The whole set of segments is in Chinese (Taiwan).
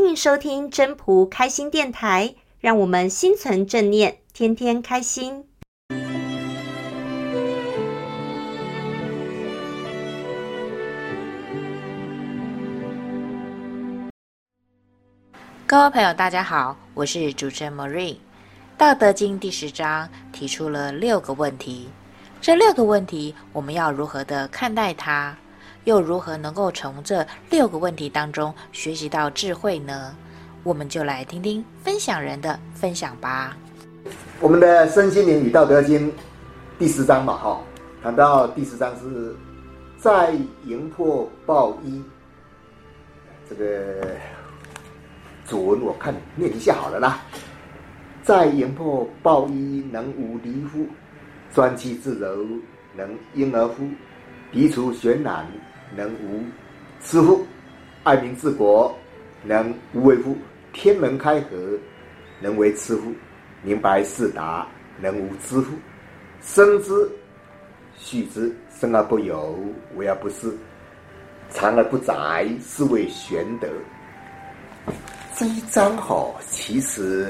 歡迎收聽真樸開心電臺，讓我們心存正念，天天開心。各位朋友，大家好，我是主持人 Marie。道德經第十章提出了六個問題，這六個問題我們要如何的看待它？又如何能夠從這六個問題當中學習到智慧呢？我們就來聽聽分享人的分享吧。我們的《身心靈與道德經》第十章吧。好，談到第十章是“載營魄抱一”。這個主文我看念一下好了啦。“載營魄抱一，能無離乎？專氣自柔，能嬰兒乎？滌除玄覽。”能無疵乎？愛民治國，能無為乎？天門開闔，能為雌乎？明白四達，能無知乎？生之，畜之，生而不有，為而不恃，長而不宰，是謂玄德。這一章哈，其實，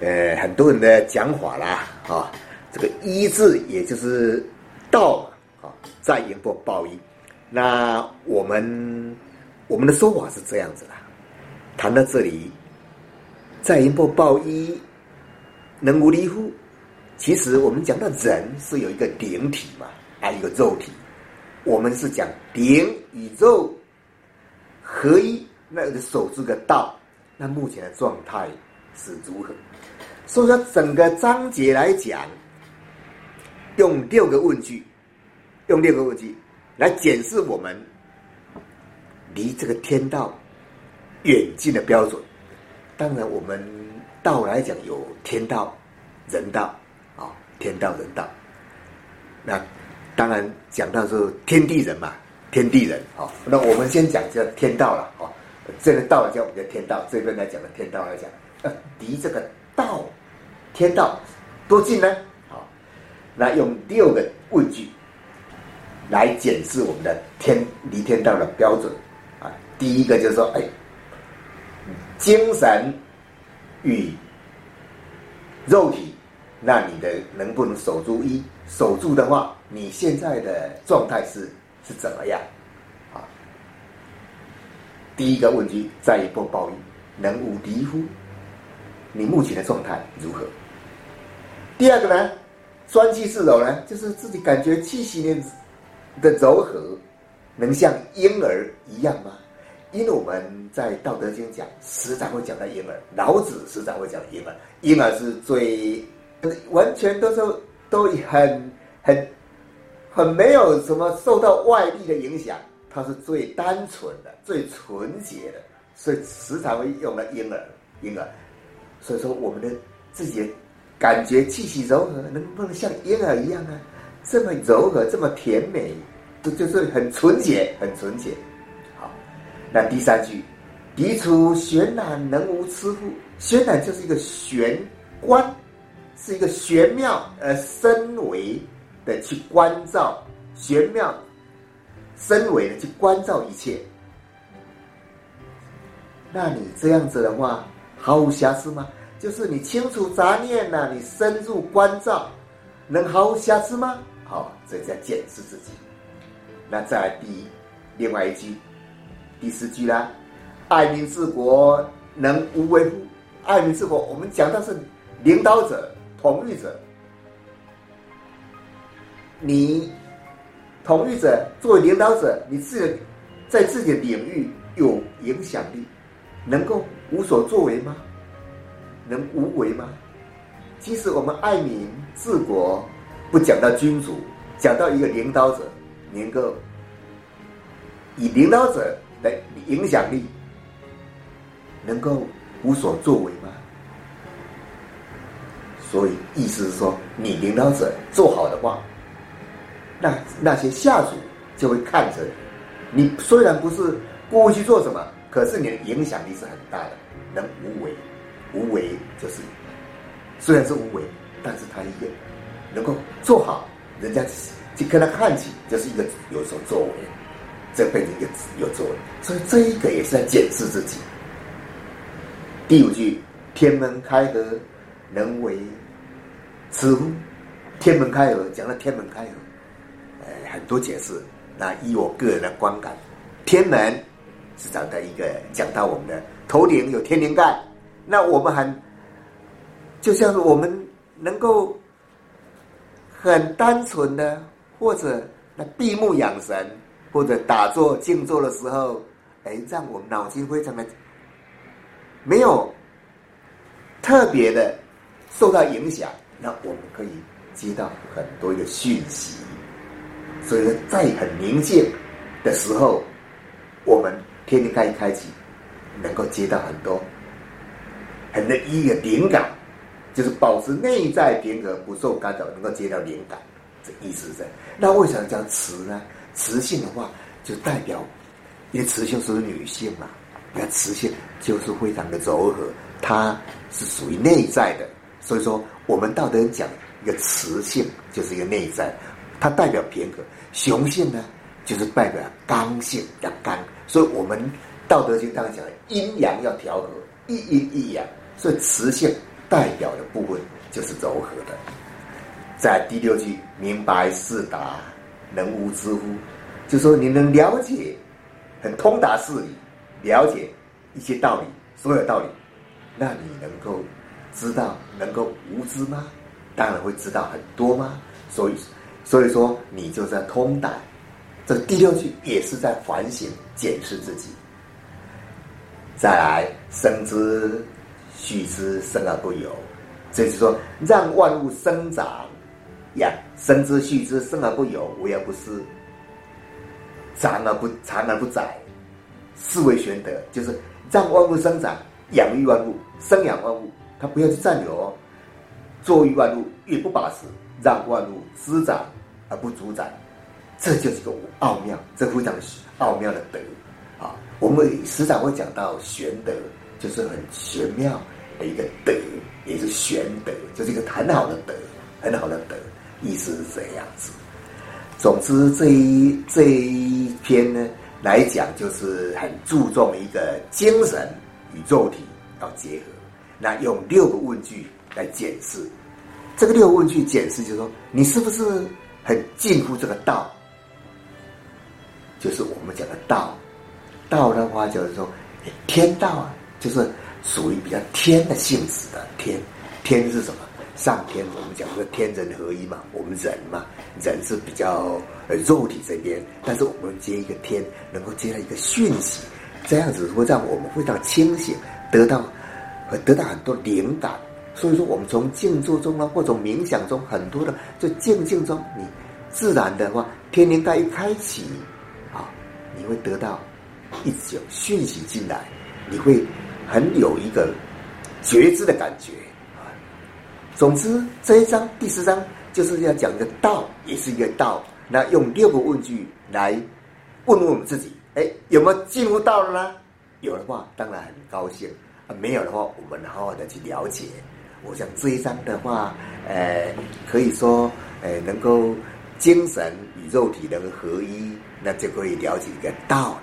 呃，很多人的講法啦啊，這個“一”字，也就是道啊，再言抱抱一。那我們我們的說法是這樣子的，談到這裡，載營魄抱一，能無離乎？其實我們講到人是有一個靈體嘛，還有一個肉體。我們是講靈與肉合一，那守住個個道，那目前的狀態是如何？所以說整個章節來講，用六個問句，用六個問句。來檢視我們離這個天道遠近的標準。當然，我們道來講有天道、人道，啊，天道人道。那當然講到是天地人嘛，天地人，啊，那我們先講這天道了，啊，這個道叫我們叫天道，這邊來講的天道來講，那離這個道天道多近呢？好，那用六個問句。來檢視我們的天離天道的標準啊，第一個就是說，哎，精神與肉體，那你的能不能守住一，守住的話，你現在的狀態是是怎麼樣啊？第一個問題，載營魄抱一，能無離乎？你目前的狀態如何？第二個呢，專氣致柔呢，就是自己感覺氣息呢。的柔和，能像嬰兒一樣嗎？因為我們在《道德經》講，時常會講到嬰兒。老子時常會講嬰兒，嬰兒是最完全都是都很很很沒有什麼受到外力的影響，它是最單純的、最純潔的，所以時常會用到嬰兒嬰兒。所以說，我們的自己的感覺氣息柔和，能不能像嬰兒一樣啊？這麼柔和，這麼甜美，這就，就是很純潔，很純潔。好，那第三句，滌除玄覽，能無疵乎？玄覽就是一個玄觀，是一個玄妙而深微的去關照，玄妙深微的去關照一切。那你這樣子的話，毫無瑕疵嗎？就是你清除雜念那、啊、你深入關照，能毫無瑕疵嗎？好，這在檢視自己。那再來第另外一句，第四句啦，“愛民治國能無為乎？”愛民治國，我們講的是領導者、統御者。你統御者作為領導者，你自己在自己的領域有影響力，能夠無所作為嗎？能無為嗎？其實我們愛民治國。不講到君主，講到一個領導者，能夠以領導者的影響力，能夠無所作為嗎？所以意思是說，你領導者做好的話，那那些下屬就會看着你。你雖然不是過去做什麼，可是你的影響力是很大的。能無為，無為就是雖然是無為，但是他一個。能夠做好，人家就跟他看起，這，就是一個有所作為，這輩子一個有作為，所以這一個也是在檢視自己。第五句，天門開合，能為雌乎？天門開合，講到天門開合，呃，很多解釋。那依我個人的觀感，天門是找到一個講到我們的頭頂有天靈蓋，那我們很就像是我們能夠。很單純的，或者那閉目養神，或者打坐靜坐的時候，哎，讓我們腦筋非常的沒有特別的受到影響。那我們可以接到很多一個訊息，所以在很寧靜的時候，我們天天開一開啟，能夠接到很多很多一的一個靈感，就是保持內在平和，不受干擾，能夠接到靈感，這意思是這樣。那為什麼叫雌呢？雌性的話，就代表，因為雌性是女性嘛，你看雌性就是非常的柔和，它是屬於內在的。所以說，我們道德經講一個雌性就是一個內在，它代表平和。雄性呢，就是代表剛性，要剛。所以，我們道德經當然講陰陽要調和，一陰一陽。所以，雌性。代表的部分就是柔和的。在第六句，明白四達能無知乎？就是說你能了解很通達事理，了解一些道理，所有道理，那你能夠知道，能夠無知嗎？當然會知道很多嗎？所以，所以說你就在通達。這第六句也是在反省檢視自己。再來生之、蓄之，生而不有。這就是說，讓萬物生長、養生之、蓄之，生而不有，為而不恃，長而不長而不宰，是謂玄德。就是讓萬物生長、養育萬物、生養萬物，它不要去占有，作育萬物，也不把持，讓萬物滋長而不主宰。這就是個奧妙，這非常奧妙的德啊！我們時常會講到玄德。就是很玄妙的一個德，也是玄德，就是一個很好的德，很好的德，意思是這樣子。總之，這一這一篇呢，來講就是很注重一個精神與肉體要結合。那用六個問句來解釋，這個六個問句解釋就是說，你是不是很近乎這個道？就是我們講的道，道的話就是說，天道啊。就是屬於比較天的性質的天，天是什麼？上天，我們講這個天人合一嘛，我們人嘛，人是比較呃肉體這邊，但是我們接一個天，能夠接到一個訊息，這樣子會讓我們非常清醒，得到很得到很多靈感。所以說，我們從靜坐中啊，或者從冥想中，很多的在靜靜中，你自然的話，天靈蓋一開啟啊，你會得到一直有訊息進來，你會。很有一個覺知的感覺啊。總之，這一章第十章就是要講一個道，也是一個道。那用六個問句來問問我們自己：哎，有沒有進入道了呢？有的話，當然很高興；啊，沒有的話，我們好好的去了解。我想這一章的話，呃，可以說，呃，能夠精神與肉體能合一，那就可以了解一個道了。